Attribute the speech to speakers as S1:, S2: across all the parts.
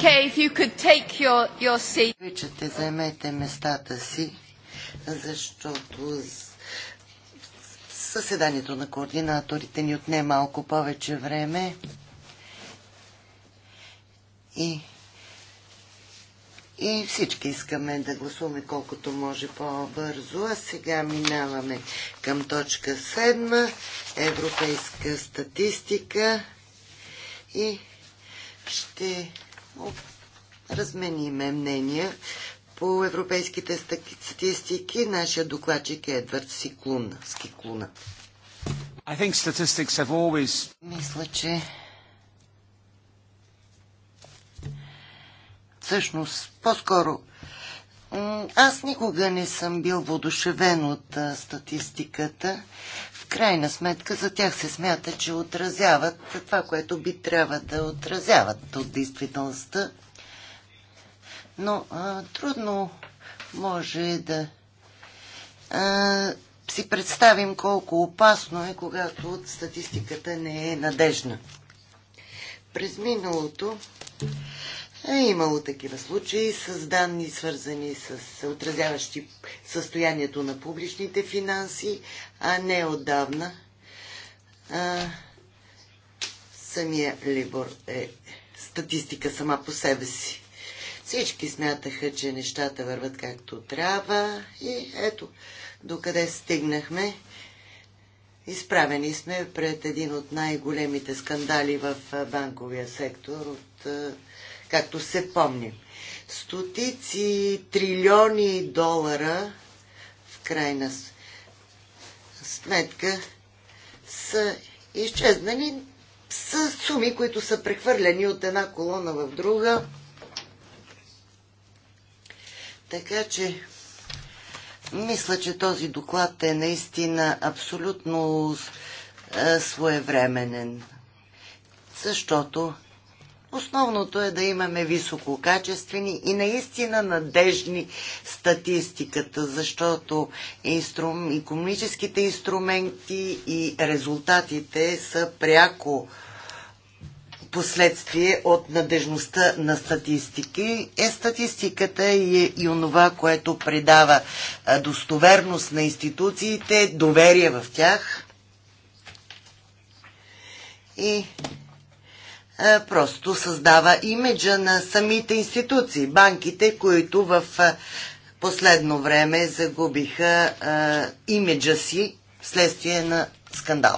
S1: Okay, if you could take your, your seat. Обичате, заемете местата си, защото съседанието на координаторите ни отне малко повече време и, и всички искаме да гласуваме колкото може по-бързо. А сега минаваме към точка 7, европейска статистика и ще размениме мнения по европейските статистики. Нашия докладчик е Едвард Сиклун. Скиклуна. I think statistics have always... Мисля, че всъщност по-скоро аз никога не съм бил водушевен от статистиката, крайна сметка за тях се смята, че отразяват това, което би трябва да отразяват от действителността. Но а, трудно може да а, си представим колко опасно е, когато статистиката не е надежна. През миналото е имало такива случаи с данни, свързани с отразяващи състоянието на публичните финанси, а не отдавна. А, самия Либор е статистика сама по себе си. Всички смятаха, че нещата върват както трябва и ето докъде стигнахме. Изправени сме пред един от най-големите скандали в банковия сектор от както се помним. Стотици трилиони долара в крайна сметка са изчезнали с суми, които са прехвърлени от една колона в друга. Така че мисля, че този доклад е наистина абсолютно е, своевременен, защото Основното е да имаме висококачествени и наистина надежни статистиката, защото инструм, економическите инструменти и резултатите са пряко последствие от надежността на статистики. Е, статистиката и, е и онова, което придава достоверност на институциите, доверие в тях. И е, просто създава имиджа на самите институции, банките, които в е, последно време загубиха е, имиджа си вследствие на скандал.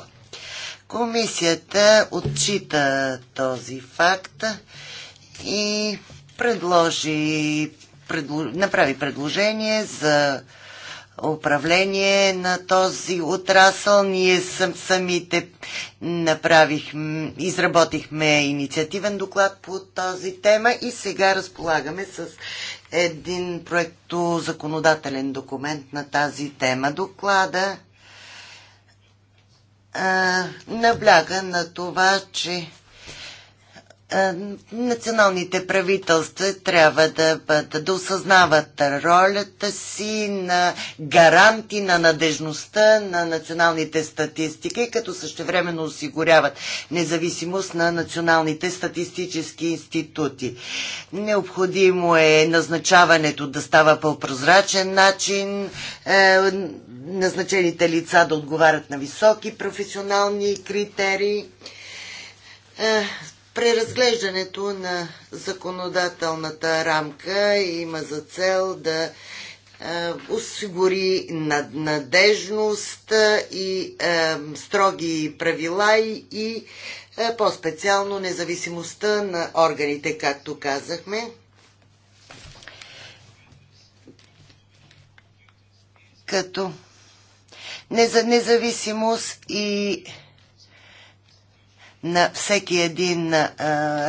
S1: Комисията отчита този факт и предложи, предло, направи предложение за управление на този отрасъл. Ние съм, самите направих, изработихме инициативен доклад по тази тема и сега разполагаме с един проекто законодателен документ на тази тема. Доклада а, набляга на това, че е, националните правителства трябва да, да, да осъзнават ролята си на гаранти на надежността на националните статистики, като същевременно осигуряват независимост на националните статистически институти. Необходимо е назначаването да става по прозрачен начин, е, назначените лица да отговарят на високи професионални критерии е, Преразглеждането на законодателната рамка има за цел да е, осигури надежност и е, строги правила и е, по-специално независимостта на органите, както казахме. Като независимост и на всеки един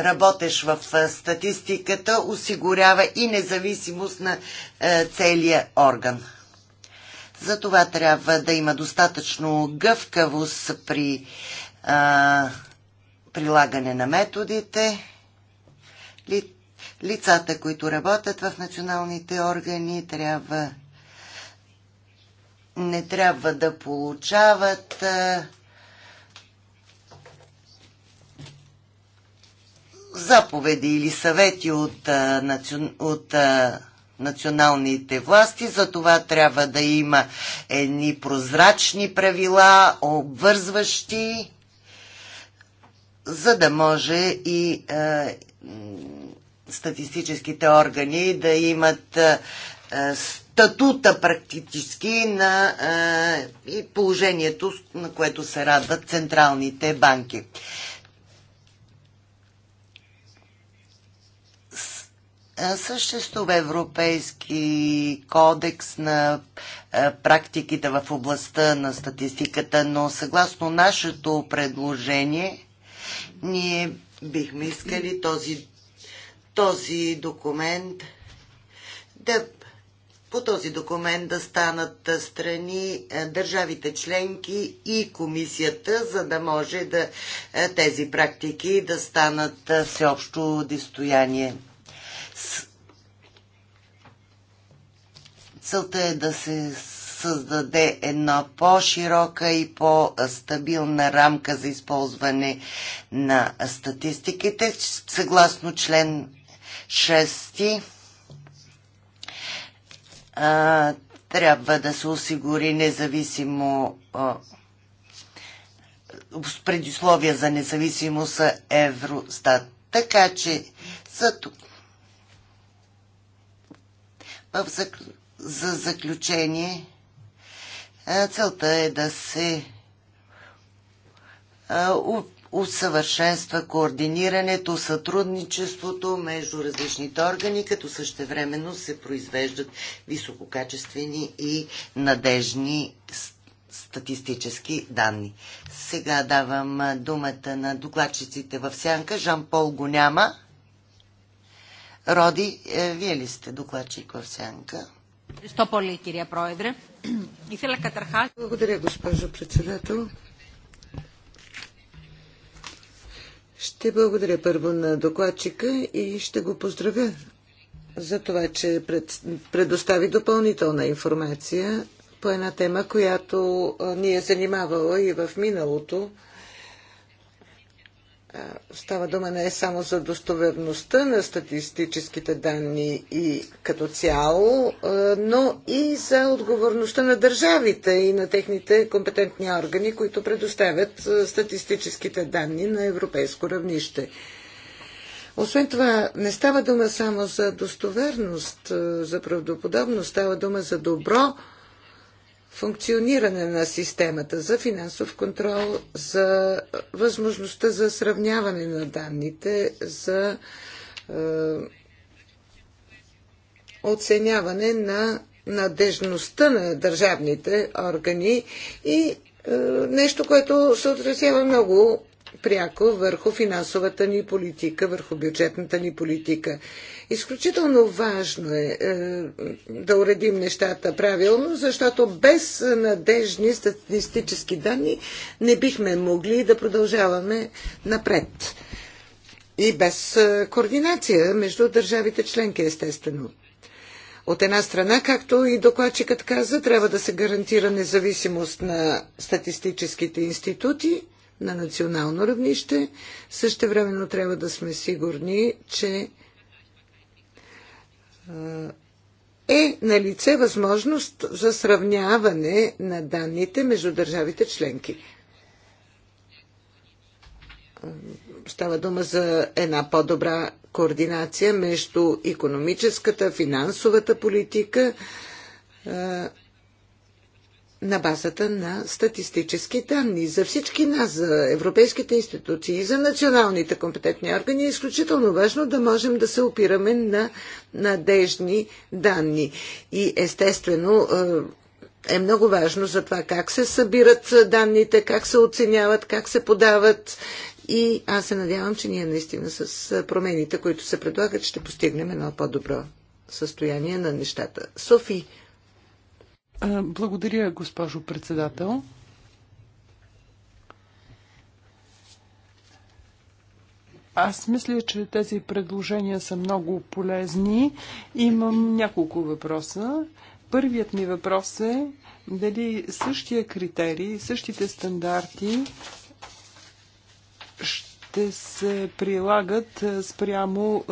S1: работещ в статистиката осигурява и независимост на целия орган. За това трябва да има достатъчно гъвкавост при а, прилагане на методите. Ли, лицата, които работят в националните органи, трябва не трябва да получават а, заповеди или съвети от, от националните власти. За това трябва да има едни прозрачни правила, обвързващи, за да може и а, статистическите органи да имат а, статута практически на а, и положението, на което се радват централните банки. Съществува Европейски кодекс на практиките в областта на статистиката, но съгласно нашето предложение, ние бихме искали този, този документ да по този документ да станат страни държавите членки и комисията, за да може да, тези практики да станат всеобщо достояние. Целта е да се създаде една по-широка и по-стабилна рамка за използване на статистиките, съгласно член 6 а, трябва да се осигури независимо предисловия за независимост Евростат. Така че за тук. В заключение за заключение, е, целта е да се е, усъвършенства координирането, сътрудничеството между различните органи, като същевременно се произвеждат висококачествени и надежни статистически данни. Сега давам е, думата на докладчиците в сянка. Жан-Пол го няма. Роди, вие ли сте докладчик в сянка?
S2: Благодаря, госпожо председател. Ще благодаря първо на докладчика и ще го поздравя за това, че пред, предостави допълнителна информация по една тема, която ни е занимавала и в миналото Става дума не е само за достоверността на статистическите данни и като цяло, но и за отговорността на държавите и на техните компетентни органи, които предоставят статистическите данни на европейско равнище. Освен това, не става дума само за достоверност, за правдоподобност, става дума за добро функциониране на системата за финансов контрол, за възможността за сравняване на данните, за е, оценяване на надежността на държавните органи и е, нещо, което се отразява много пряко върху финансовата ни политика, върху бюджетната ни политика. Изключително важно е, е да уредим нещата правилно, защото без надежни статистически данни не бихме могли да продължаваме напред. И без е, координация между държавите членки, естествено. От една страна, както и докладчикът каза, трябва да се гарантира независимост на статистическите институти, на национално равнище. Също времено трябва да сме сигурни, че е на лице възможност за сравняване на данните между държавите членки. Става дума за една по-добра координация между економическата, финансовата политика на базата на статистически данни. За всички нас, за европейските институции и за националните компетентни органи е изключително важно да можем да се опираме на надежни данни. И естествено е, е много важно за това как се събират данните, как се оценяват, как се подават. И аз се надявам, че ние наистина с промените, които се предлагат, ще постигнем едно по-добро състояние на нещата. Софи,
S3: благодаря, госпожо председател. Аз мисля, че тези предложения са много полезни. Имам няколко въпроса. Първият ми въпрос е дали същия критерий, същите стандарти ще ще се прилагат е, спрямо е,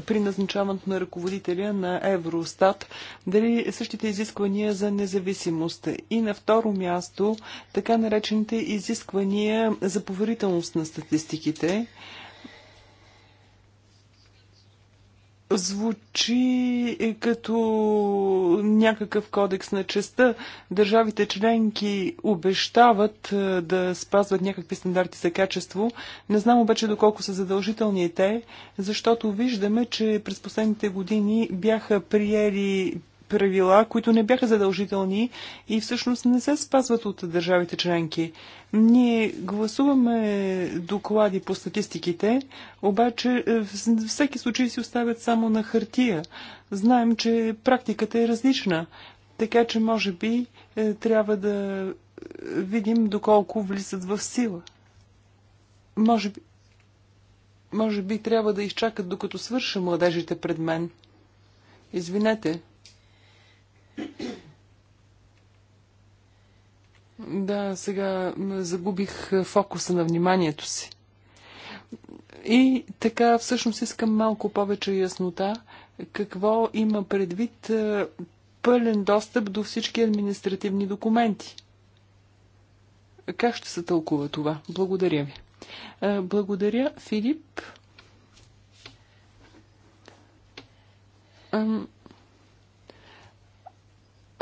S3: при назначаването на ръководителя на Евростат? Дали същите изисквания за независимост? И на второ място, така наречените изисквания за поверителност на статистиките. звучи е, като някакъв кодекс на честа. Държавите членки обещават е, да спазват някакви стандарти за качество. Не знам обаче доколко са задължителни те, защото виждаме, че през последните години бяха приели правила, които не бяха задължителни и всъщност не се спазват от държавите членки. Ние гласуваме доклади по статистиките, обаче е, всеки случай си оставят само на хартия. Знаем, че практиката е различна, така че може би е, трябва да е, видим доколко влизат в сила. Може би, може би трябва да изчакат докато свърша младежите пред мен. Извинете, да, сега загубих фокуса на вниманието си. И така, всъщност искам малко повече яснота какво има предвид е, пълен достъп до всички административни документи. Как ще се тълкува това? Благодаря ви. Е, благодаря, Филип.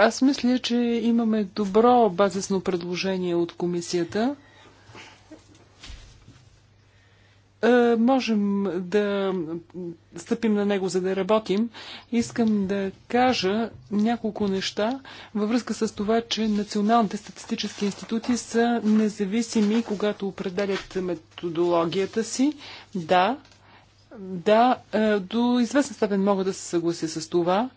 S3: Аз мисля, че имаме добро базисно предложение от комисията. Е, можем да стъпим на него, за да работим. Искам да кажа няколко неща във връзка с това, че националните статистически институти са независими, когато определят методологията си. Да, да, е, до известен степен мога да се съглася с това.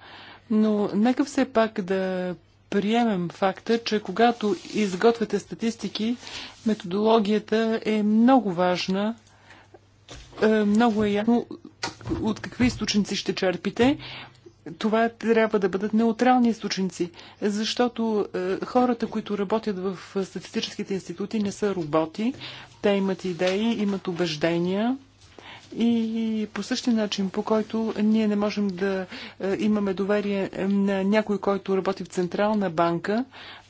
S3: Но нека все пак да приемем факта, че когато изготвяте статистики, методологията е много важна. Е, много е ясно от какви източници ще черпите. Това трябва да бъдат неутрални източници, защото е, хората, които работят в статистическите институти, не са роботи. Те имат идеи, имат убеждения и по същия начин, по който ние не можем да е, имаме доверие на някой, който работи в Централна банка,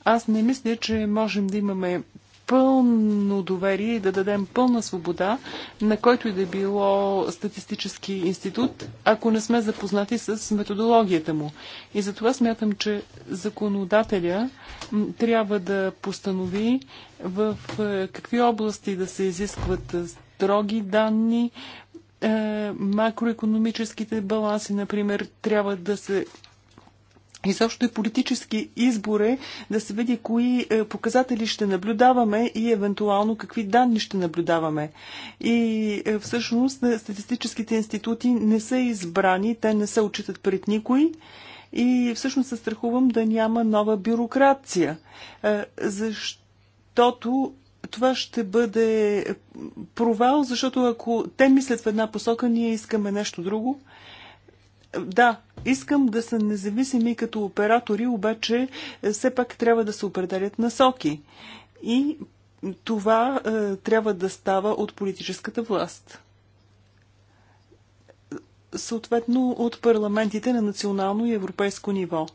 S3: аз не мисля, че можем да имаме пълно доверие и да дадем пълна свобода на който и да било статистически институт, ако не сме запознати с методологията му. И затова смятам, че законодателя трябва да постанови в е, какви области да се изискват е, строги данни, е, макроекономическите баланси, например, трябва да се изобщо и политически избори да се види кои е, показатели ще наблюдаваме и евентуално какви данни ще наблюдаваме. И е, всъщност статистическите институти не са избрани, те не се отчитат пред никой. И всъщност се страхувам да няма нова бюрокрация, защото това ще бъде провал, защото ако те мислят в една посока, ние искаме нещо друго. Да, искам да са независими като оператори, обаче е, все пак трябва да се определят насоки. И това е, трябва да става от политическата власт. Съответно от парламентите на национално и европейско ниво.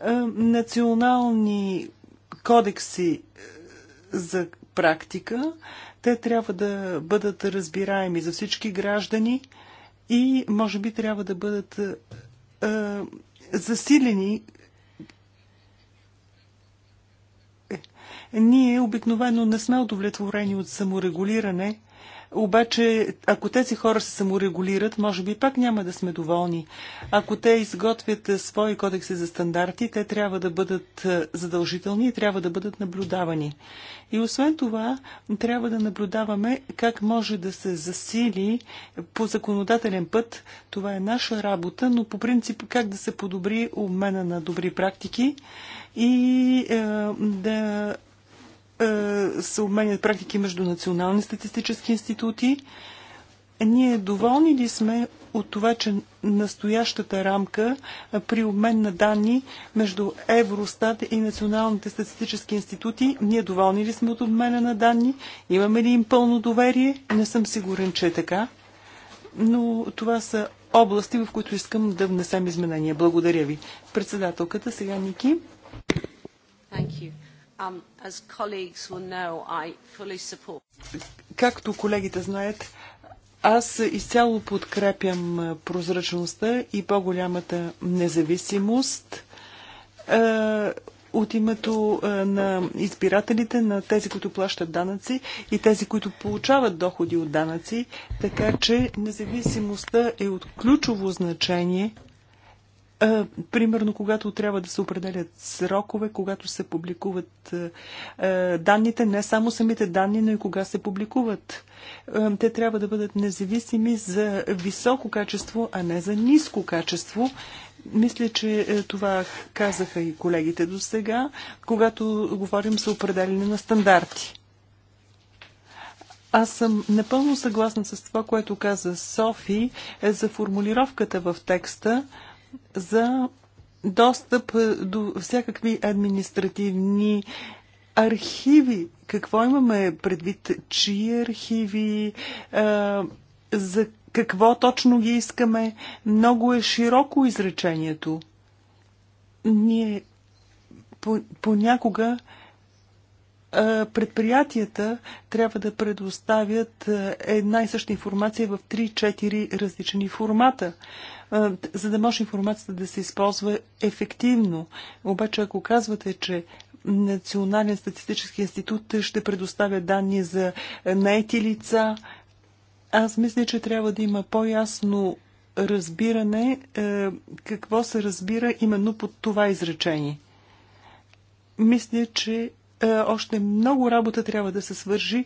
S3: Е, национални кодекси е, за практика. Те трябва да бъдат разбираеми за всички граждани и може би трябва да бъдат а, е, засилени. Е, ние обикновено не сме удовлетворени от саморегулиране, обаче, ако тези хора се саморегулират, може би пак няма да сме доволни. Ако те изготвят е, свои кодекси за стандарти, те трябва да бъдат е, задължителни и трябва да бъдат наблюдавани. И освен това, трябва да наблюдаваме как може да се засили по законодателен път. Това е наша работа, но по принцип как да се подобри обмена на добри практики и е, да е, се обменят практики между национални статистически институти. Ние доволни ли сме от това, че настоящата рамка е, при обмен на данни между Евростат и националните статистически институти, ние доволни ли сме от обмена на данни? Имаме ли им пълно доверие? Не съм сигурен, че е така. Но това са области, в които искам да внесем изменения. Благодаря ви. Председателката сега Ники. Thank you. Um, Както колегите знаят, аз изцяло подкрепям прозрачността и по-голямата независимост от името на избирателите, на тези, които плащат данъци и тези, които получават доходи от данъци. Така че независимостта е от ключово значение Примерно, когато трябва да се определят срокове, когато се публикуват данните, не само самите данни, но и кога се публикуват. Те трябва да бъдат независими за високо качество, а не за ниско качество. Мисля, че това казаха и колегите до сега, когато говорим за определене на стандарти. Аз съм напълно съгласна с това, което каза Софи е, за формулировката в текста за достъп е, до всякакви административни архиви. Какво имаме предвид? Чии архиви? Е, за какво точно ги искаме? Много е широко изречението. Ние понякога е, предприятията трябва да предоставят една и съща информация в 3-4 различни формата за да може информацията да се използва ефективно. Обаче, ако казвате, че Национален статистически институт ще предоставя данни за наети лица, аз мисля, че трябва да има по-ясно разбиране е, какво се разбира именно под това изречение. Мисля, че е, още много работа трябва да се свържи,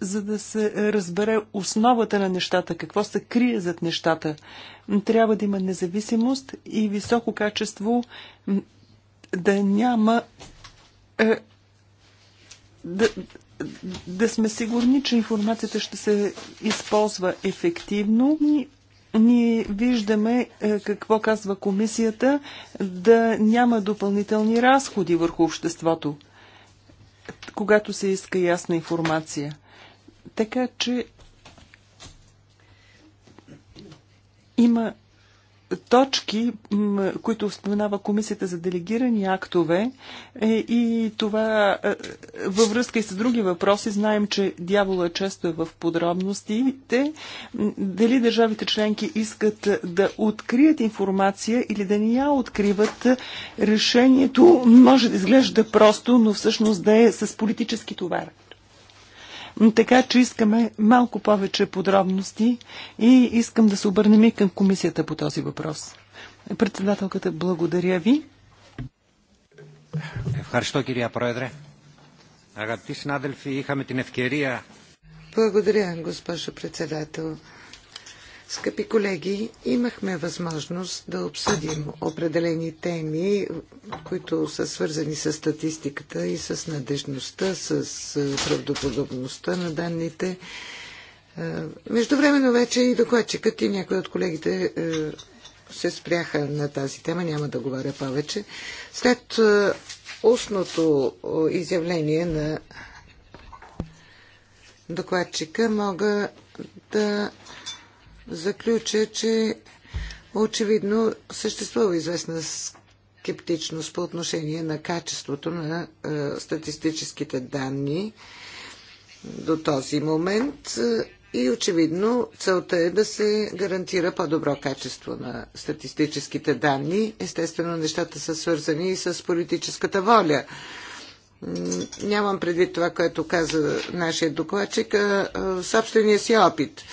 S3: за да се разбере основата на нещата, какво се крие зад нещата. Трябва да има независимост и високо качество, да няма. Е, да, да сме сигурни, че информацията ще се използва ефективно ние виждаме е, какво казва комисията да няма допълнителни разходи върху обществото когато се иска ясна информация. Така че има точки, които споменава Комисията за делегирани актове е, и това е, във връзка и с други въпроси. Знаем, че дявола е често е в подробностите. Дали държавите членки искат да открият информация или да ни я откриват, решението може да изглежда просто, но всъщност да е с политически товар. Така че искаме малко повече подробности и искам да се обърнем и към комисията по този въпрос. Председателката, благодаря ви. Ευχαριστώ кирия проедре. Αγαπητοί συνάδελφοι, είχαμε την ευκαιρία...
S2: Благодаря, госпожо председател. Скъпи колеги, имахме възможност да обсъдим определени теми, които са свързани с статистиката и с надежността, с правдоподобността на данните. Междувременно вече и докладчикът и някои от колегите се спряха на тази тема, няма да говоря повече. След устното изявление на докладчика мога да заключа, че очевидно съществува известна скептичност по отношение на качеството на е, статистическите данни до този момент е, и очевидно целта е да се гарантира по-добро качество на статистическите данни. Естествено, нещата са свързани и с политическата воля. Нямам предвид това, което каза нашия докладчик, а собствения си опит –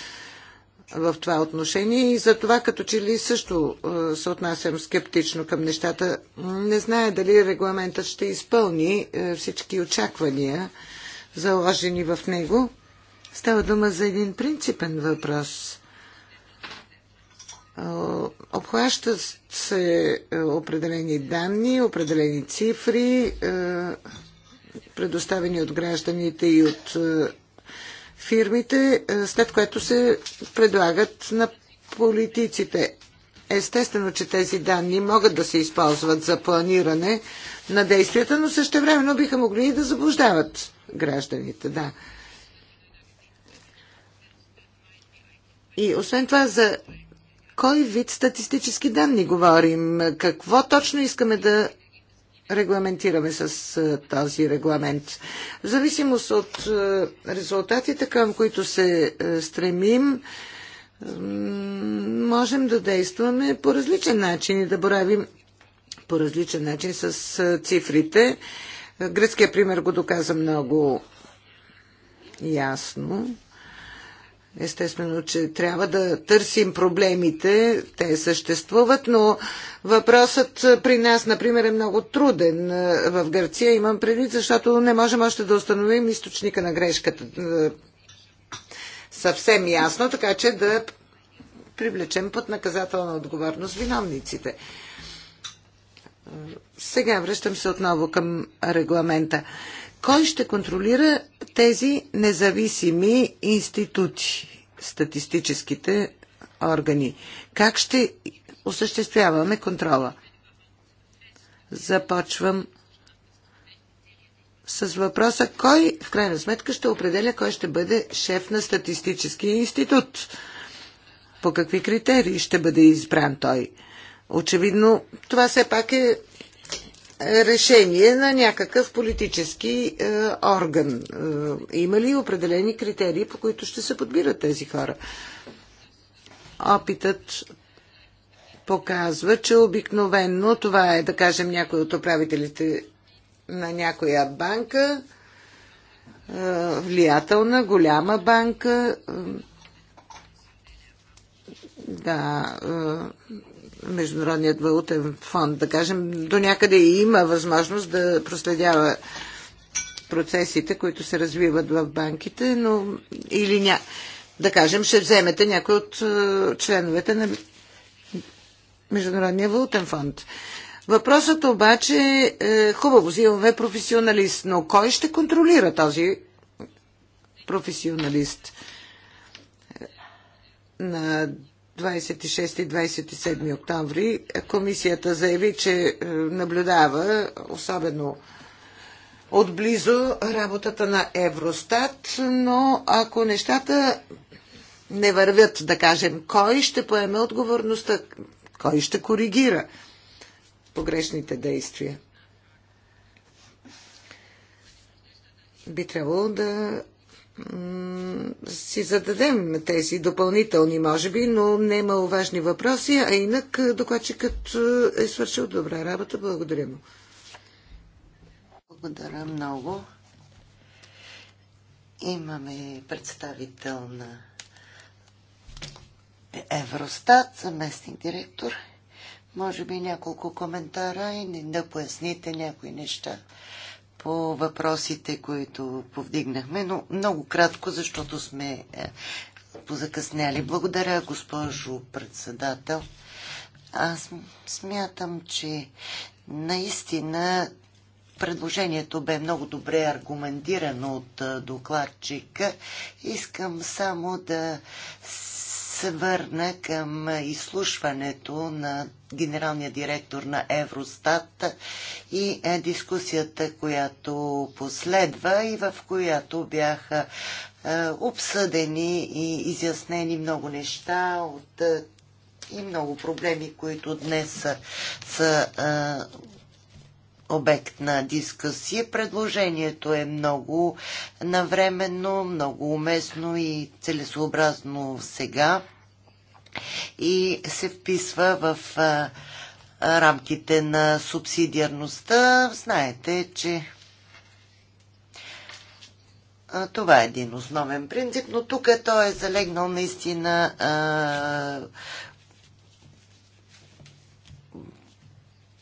S2: в това отношение и за това като че ли също е, се отнасям скептично към нещата. Не зная дали регламентът ще изпълни е, всички очаквания, заложени в него. Става дума за един принципен въпрос. Е, Обхващат се определени данни, определени цифри, предоставени от гражданите и от фирмите, е, след което се предлагат на политиците. Естествено, че тези данни могат да се използват за планиране на действията, но същевременно биха могли и да заблуждават гражданите. Да. И освен това, за кой вид статистически данни говорим? Какво точно искаме да регламентираме с този регламент. В зависимост от резултатите, към които се стремим, можем да действаме по различен начин и да боравим по различен начин с цифрите. Гръцкият пример го доказа много ясно. Естествено, че трябва да търсим проблемите, те съществуват, но въпросът при нас, например, е много труден. В Гърция имам предвид, защото не можем още да установим източника на грешката съвсем ясно, така че да привлечем под наказателна отговорност виновниците. Сега връщам се отново към регламента. Кой ще контролира тези независими институти, статистическите органи? Как ще осъществяваме контрола? Започвам с въпроса кой в крайна сметка ще определя кой ще бъде шеф на статистическия институт. По какви критерии ще бъде избран той? Очевидно, това все пак е решение на някакъв политически е, орган. Е, има ли определени критерии, по които ще се подбират тези хора? Опитът показва, че обикновенно това е, да кажем, някой от управителите на някоя банка, е, влиятелна, голяма банка. Е, да, е, Международният валутен фонд, да кажем, до някъде има възможност да проследява процесите, които се развиват в банките, но или ня... да кажем, ще вземете някой от е, членовете на Международния валутен фонд. Въпросът обаче е хубаво, взимаме професионалист, но кой ще контролира този професионалист? Е, на 26 и 27 октомври комисията заяви, че е, наблюдава особено отблизо работата на Евростат, но ако нещата не вървят, да кажем, кой ще поеме отговорността, кой ще коригира погрешните действия. Би трябвало да си зададем тези допълнителни, може би, но не важни въпроси, а инак е, докладчикът е, е свършил добра работа. Благодаря му.
S1: Благодаря много. Имаме представител на Евростат, заместник директор. Може би няколко коментара и да поясните някои неща по въпросите, които повдигнахме, но много кратко, защото сме е, позакъсняли. Благодаря, госпожо председател. Аз смятам, че наистина предложението бе много добре аргументирано от е, докладчика. Искам само да се върна към изслушването на генералния директор на Евростат и е дискусията, която последва и в която бяха е, обсъдени и изяснени много неща от, е, и много проблеми, които днес са, са обект на дискусия. Предложението е много навременно, много уместно и целесообразно сега и се вписва в а, рамките на субсидиарността. Знаете, че това е един основен принцип, но тук е, той е залегнал наистина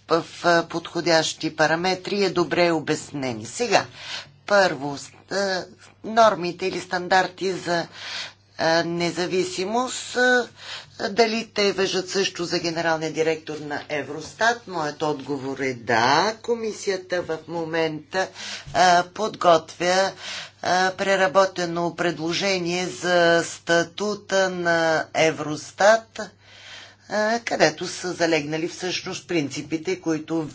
S1: в подходящи параметри е добре обяснени. Сега, първо, нормите или стандарти за независимост. Дали те въжат също за генералния директор на Евростат? Моят отговор е да. Комисията в момента подготвя преработено предложение за статута на Евростат, където са залегнали всъщност принципите, които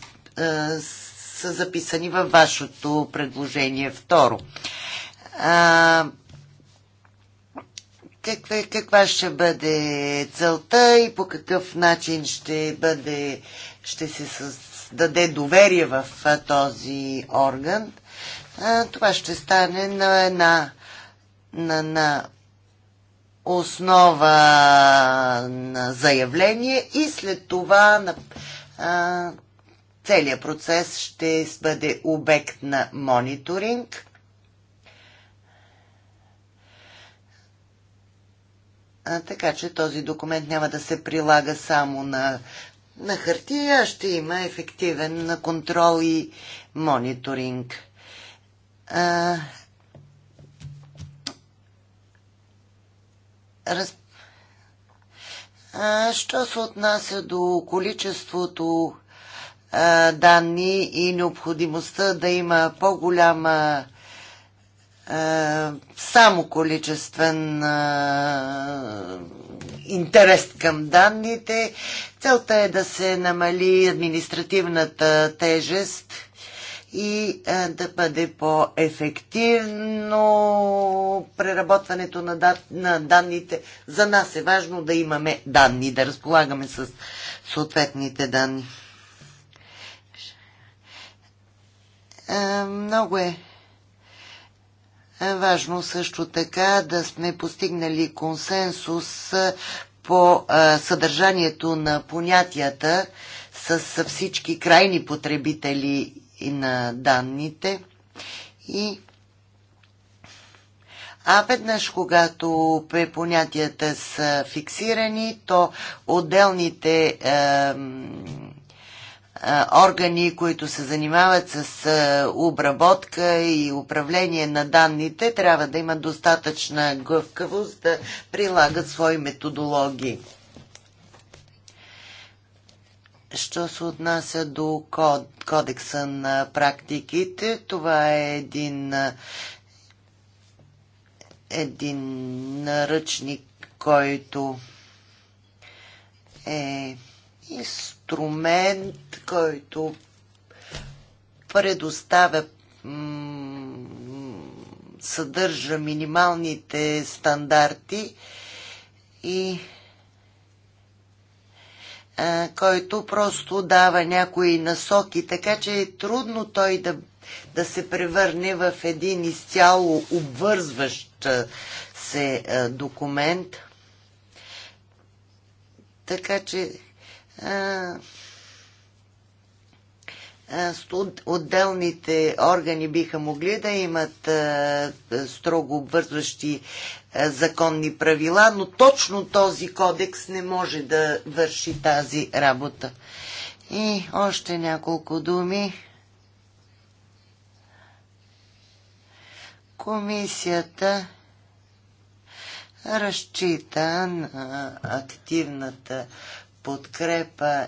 S1: са записани във вашето предложение. Второ, каква, каква ще бъде целта и по какъв начин ще, бъде, ще се даде доверие в този орган. Това ще стане на една на, на основа на заявление и след това на, а, целият процес ще бъде обект на мониторинг така че този документ няма да се прилага само на, на хартия, а ще има ефективен контрол и мониторинг. А, раз, а, що се отнася до количеството а, данни и необходимостта да има по-голяма е, само количествен а, е, интерес към данните. Целта е да се намали административната тежест и а, е, да бъде по-ефективно преработването на, да, на данните. За нас е важно да имаме данни, да разполагаме с съответните данни. А, много е е, важно също така да сме постигнали консенсус е, по е, съдържанието на понятията с всички крайни потребители на данните и а веднъж, когато понятията са фиксирани, то отделните е, органи, които се занимават с обработка и управление на данните, трябва да имат достатъчна гъвкавост да прилагат свои методологии. Що се отнася до код, кодекса на практиките, това е един, един наръчник, който е инструмент, който предоставя съдържа минималните стандарти и а, който просто дава някои насоки, така че е трудно той да, да се превърне в един изцяло обвързващ се а, документ. Така че отделните органи биха могли да имат строго обвързващи законни правила, но точно този кодекс не може да върши тази работа. И още няколко думи. Комисията разчита на активната подкрепа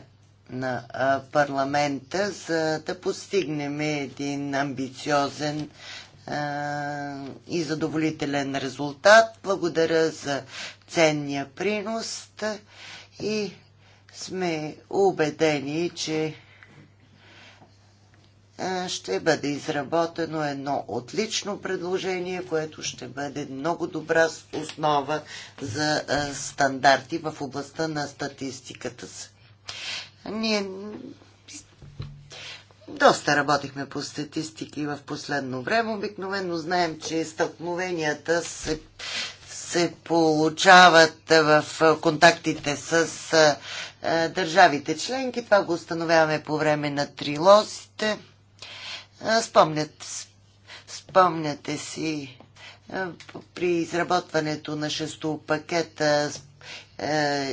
S1: на парламента, за да постигнем един амбициозен и задоволителен резултат. Благодаря за ценния принос и сме убедени, че ще бъде изработено едно отлично предложение, което ще бъде много добра основа за стандарти в областта на статистиката си. Ние доста работихме по статистики в последно време. Обикновено знаем, че стълкновенията се, се получават в контактите с държавите членки. Това го установяваме по време на трилозите. Спомнят, спомняте си при изработването на шесто пакета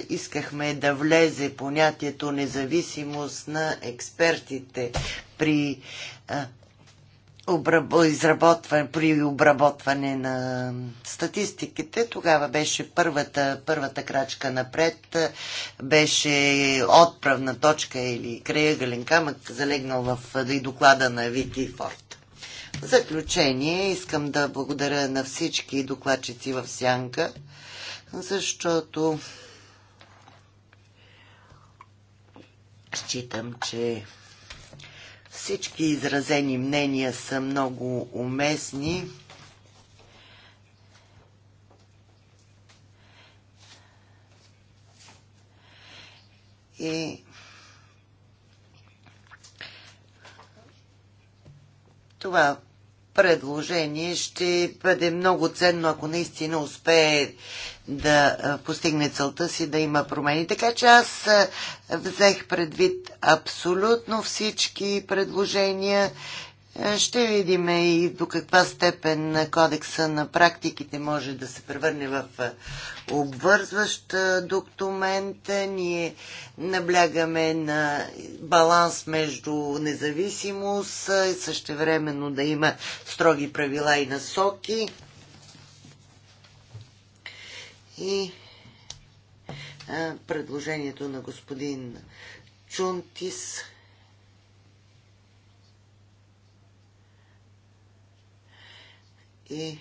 S1: искахме да влезе понятието независимост на експертите при изработване, при обработване на статистиките. Тогава беше първата, първата крачка напред, беше отправна точка или краягален камък, залегнал в и доклада на Вики Форд. В заключение искам да благодаря на всички докладчици в Сянка, защото считам, че всички изразени мнения са много уместни. И това предложение ще бъде много ценно, ако наистина успее да постигне целта си да има промени. Така че аз взех предвид абсолютно всички предложения е, ще видим и до каква степен кодекса на практиките може да се превърне в е, обвързващ е, документ. Ние наблягаме на баланс между независимост и същевременно да има строги правила и насоки. И предложението на господин Чунтис И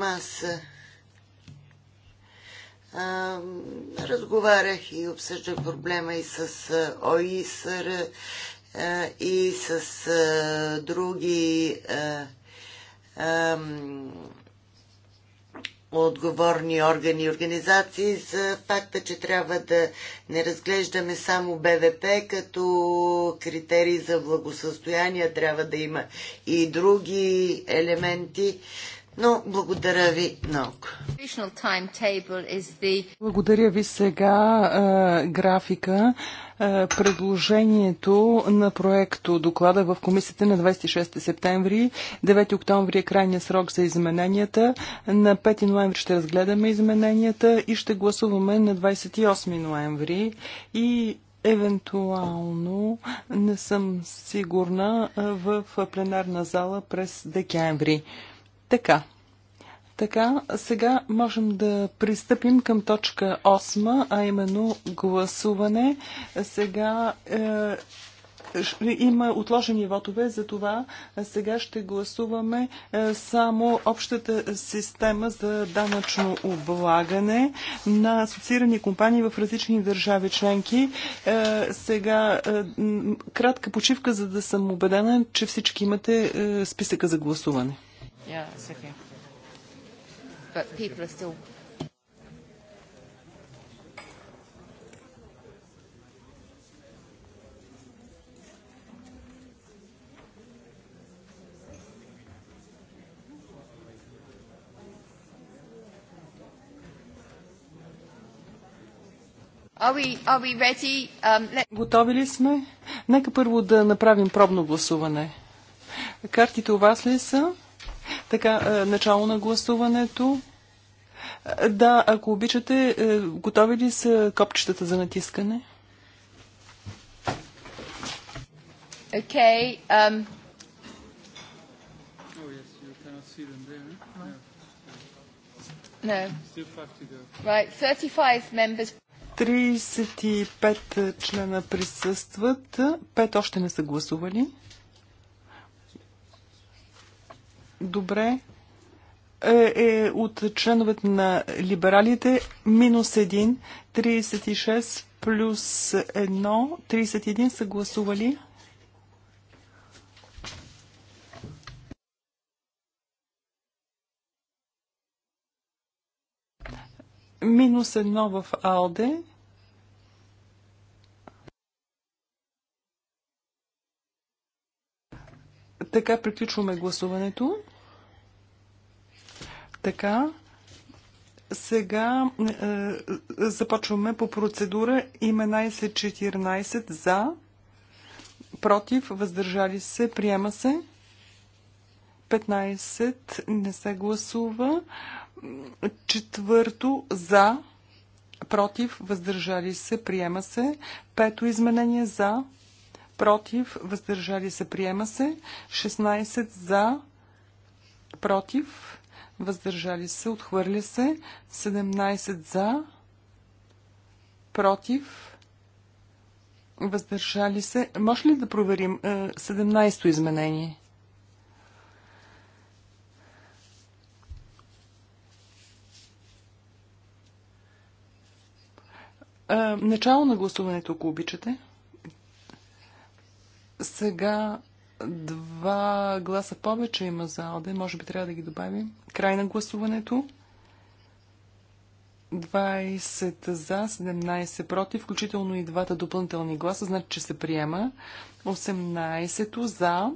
S1: аз а, разговарях и обсъждах проблема и с ОИСР, а, и с а, други а, а, отговорни органи и организации за факта, че трябва да не разглеждаме само БВП като критерий за благосъстояние, трябва да има и други елементи, но благодаря ви много.
S3: Благодаря ви сега а, графика. предложението на проекто доклада в комисията е на 26 септември, 9 октомври е крайния срок за измененията, на 5 ноември ще разгледаме измененията и ще гласуваме на 28 ноември и евентуално, не съм сигурна, в пленарна зала през декември. Така. Така, сега можем да пристъпим към точка 8, а именно гласуване. Сега е, има отложени вотове, за това сега ще гласуваме е, само общата система за данъчно облагане на асоциирани компании в различни държави членки. Е, сега е, кратка почивка, за да съм убедена, че всички имате списъка за гласуване.
S1: Yeah, it's okay. But people are still um,
S3: Готови ли сме? Нека първо да направим пробно гласуване. Картите у вас ли са? Така, е, начало на гласуването. Е, да, ако обичате, е, готови ли са копчетата за натискане?
S1: Okay, um...
S3: No. 35 члена присъстват, 5 още не са гласували. Добре. Е, е от членовете на либералите минус 1, 36 плюс 1, 31 са гласували. Минус 1 в АЛДЕ. Така приключваме гласуването. Така. Сега е, е започваме по процедура имена 14 за, против, въздържали се, приема се. 15 не се гласува. Четвърто за, против, въздържали се, приема се. Пето изменение за, против, въздържали се, приема се. 16 за, против, въздържали се, отхвърля се. 17 за, против, въздържали се. Може ли да проверим 17-то е, изменение? Е, начало на гласуването, ако обичате. Сега два гласа повече има за ОДЕ. Може би трябва да ги добавим. Край на гласуването. 20 за, 17 против, включително и двата допълнителни гласа, значи, че се приема. 18 за,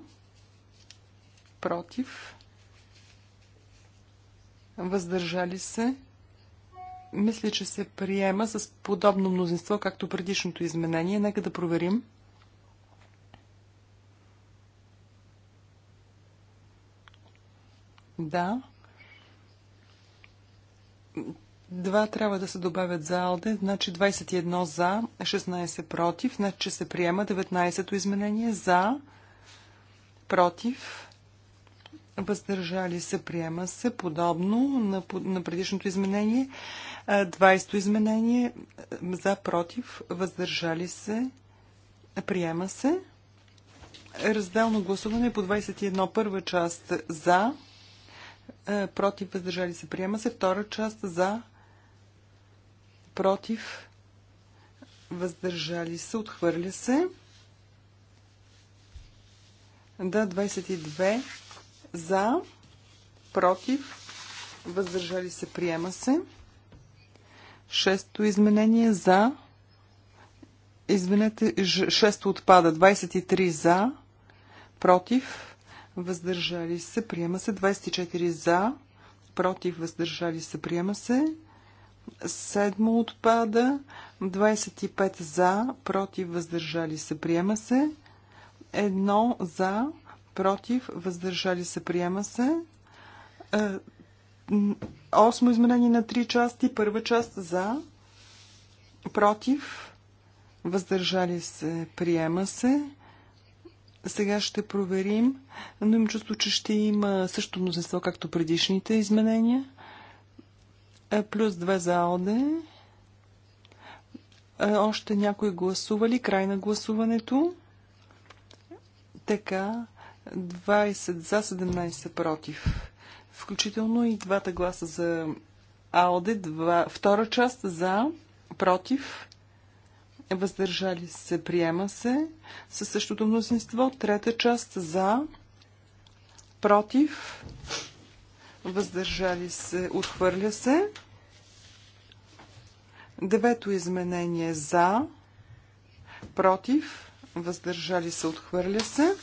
S3: против, въздържали се. Мисля, че се приема с подобно мнозинство, както предишното изменение. Нека да проверим. Да. Два трябва да се добавят за Алде, значи 21 за, 16 против, значи се приема 19-то изменение за, против, въздържали се, приема се, подобно на, на предишното изменение, 20-то изменение за, против, въздържали се, приема се. Разделно гласуване по 21 първа част за, е, против, въздържали се, приема се. Втора част за, против, въздържали се, отхвърля се. Да, 22 за, против, въздържали се, приема се. Шесто изменение за, извинете, шесто отпада, 23 за, против, въздържали се, приема се. 24 за, против, въздържали се, приема се. Седмо отпада. 25 за, против, въздържали се, приема се. Едно за, против, въздържали се, приема се. Е, осмо изменение на три части. Първа част за, против, въздържали се, приема се. Сега ще проверим, но им чувство, че ще има също мнозинство, както предишните изменения. Е, плюс 2 за ОДЕ. Още някои гласували. Край на гласуването. Така, 20 за, 17 против. Включително и двата гласа за АОДЕ, втора част за, против, въздържали се, приема се със същото мнозинство. Трета част за, против, въздържали се, отхвърля се. Девето изменение за, против, въздържали се, отхвърля се.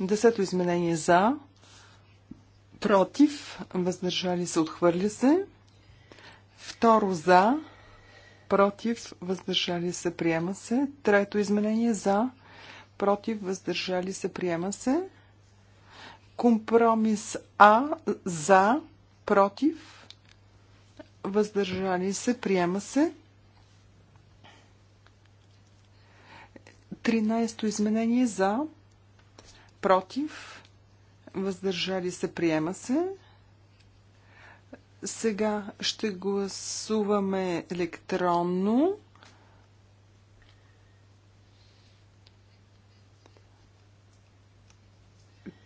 S3: Десето изменение за, против, въздържали се, отхвърля се. Второ за, против, въздържали се, приема се. Трето изменение за, против, въздържали се, приема се. Компромис А за, против, въздържали се, приема се. Тринайсто изменение за, против, въздържали се, приема се. Сега ще гласуваме електронно.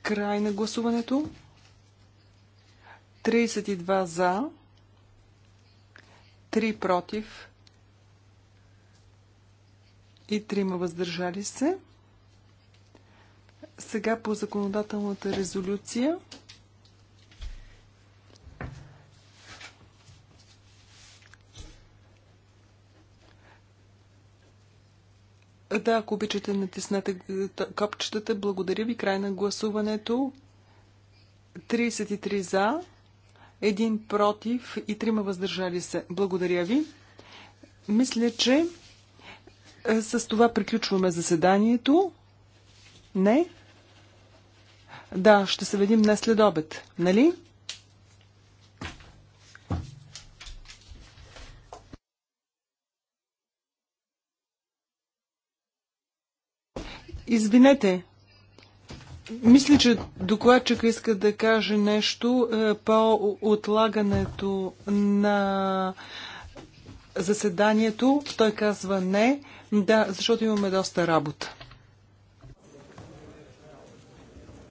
S3: Край на гласуването. 32 за, 3 против и 3 въздържали се. Сега по законодателната резолюция. да, ако обичате, натиснете копчетата. Благодаря ви. Край на гласуването. 33 за, 1 против и 3 въздържали се. Благодаря ви. Мисля, че е, с това приключваме заседанието. Не? Да, ще се видим днес след обед, нали? Извинете, мисля, че докладчик иска да каже нещо е, по отлагането на заседанието. Той казва не, да, защото имаме доста работа.